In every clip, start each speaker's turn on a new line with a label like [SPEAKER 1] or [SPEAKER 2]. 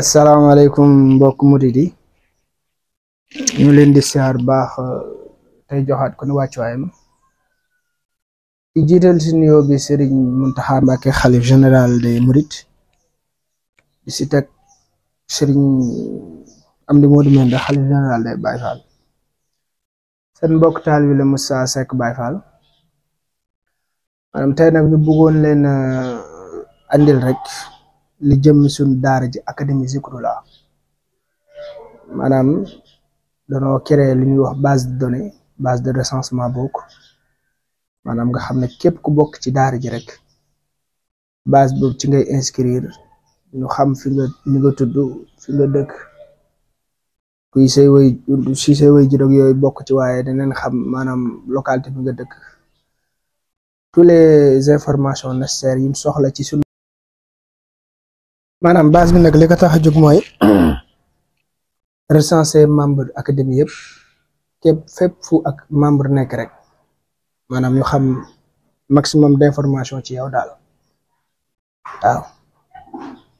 [SPEAKER 1] asalaamaaleykum mbokk murid yi ñu leen di siyaar baax tey joxaat ko ni wàccuwaayam di jiital si nuyoo bi Serigne Mountakha Mbacké xalif général des Mourides si teg Serigne Amdi Modou Mende xalif général des Baye Fall seen mbokk taal bi la Moussa Seck Baye Fall maanaam tey nag ñu bëggoon leen ah, andil rek. li jëm suñ daar ji académie Zikroulah maanaam danoo créer li ñuy wax base de données base de recensement bokk maanaam nga xam ne képp ku bokk ci daar ji rek base boobu ci ngay inscrir ñu xam fi nga ni nga tudd fi nga dëkk kuy say way si say way ji yooyu bokk ci waaye danañ xam maanaam localité bi nga dëkk tous les informations nécessaires yi soxla ci suñu maanaam base bi nag li ko tax a jóg mooy recenser membre académie yëpp képp fépp fu ak membre nekk rek maanaam ñu xam maximum d'information ci yow daal waaw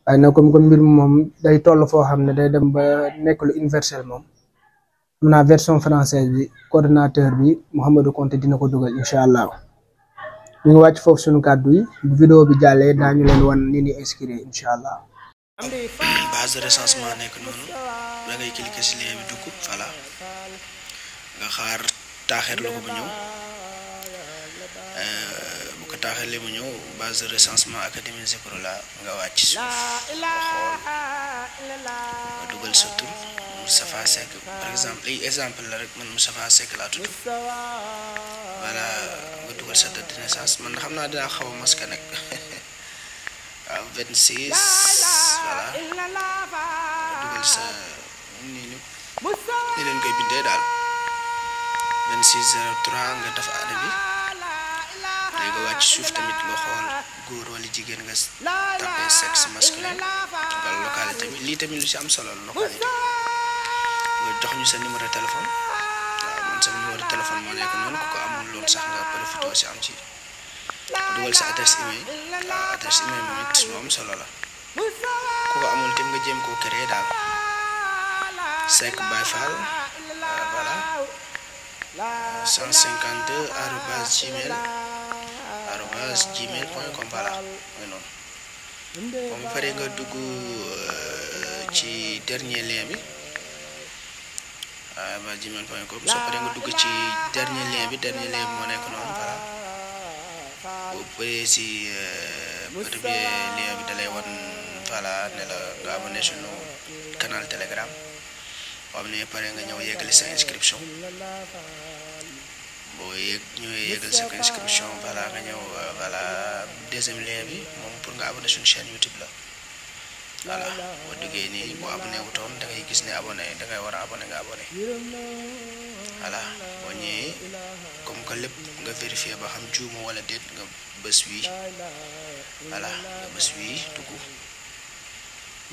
[SPEAKER 1] waaye na comme comme mbir moom day toll foo xam ne day dem ba nekk lu universel moom mun naa version française bi coordinateur bi Mouhamadou Konté dina ko dugal incha allah ñu ngi wàcc foofu suñu kàddu yi bu vidéo bi jàllee daañu leen wan ni ni inscrire incha allah
[SPEAKER 2] base de recensement nekk noonu da ngay cliquer nga xaar taaxeer la bu ñëw euh, bu ko taaxeer mu ñëw base de recensement académie Zikro la nga wàcc suuf nga xool dugal sa tur Moustapha Seck par exemple la rek man Moustapha Seck laa tudd voilà nga dugal sa date de naissance man xam naa dinaa xaw maska nag ah, voilà nga dugal sa nii ñu koy bindee daal 26 03 nga def aada bi léegi nga wàcc suuf tamit nga xool góor wala jigéen nga tapé sexe masculin nga localité bi lii tamit lu si am solo la localité nga jox ñu sa numéro téléphone waaw man sa numéro téléphone moo nekk noonu ko amul loolu sax nga profité si am ci dugal sa adresse email waaw adresse email moom it lu am solo la. jéem koo créer daal Seck Baye Fall voilà 152 arobase gmail nga dugg euh, ci dernier lien bi arobase ah, gmail point com soo paree nga dugg ci dernier lien bi dernier lien bi moo nekk noonu voilà boo paree si euh, premier lien bi dalay wan voilà ne nga abonné suñu canal telegram boo xam nga ñëw yégali sa inscription boo yég ñëwee yégal sa inscription voilà nga ñëw voilà deuxième lien bi moom pour nga abonné suñu chaîne YouTube la voilà boo duggee nii boo abonné wutoon da gis ne abonné da war a abonné nga abonné voilà boo comme que lépp nga vérifié ba xam juuma wala déet nga bés wii voilà nga bés wii dugg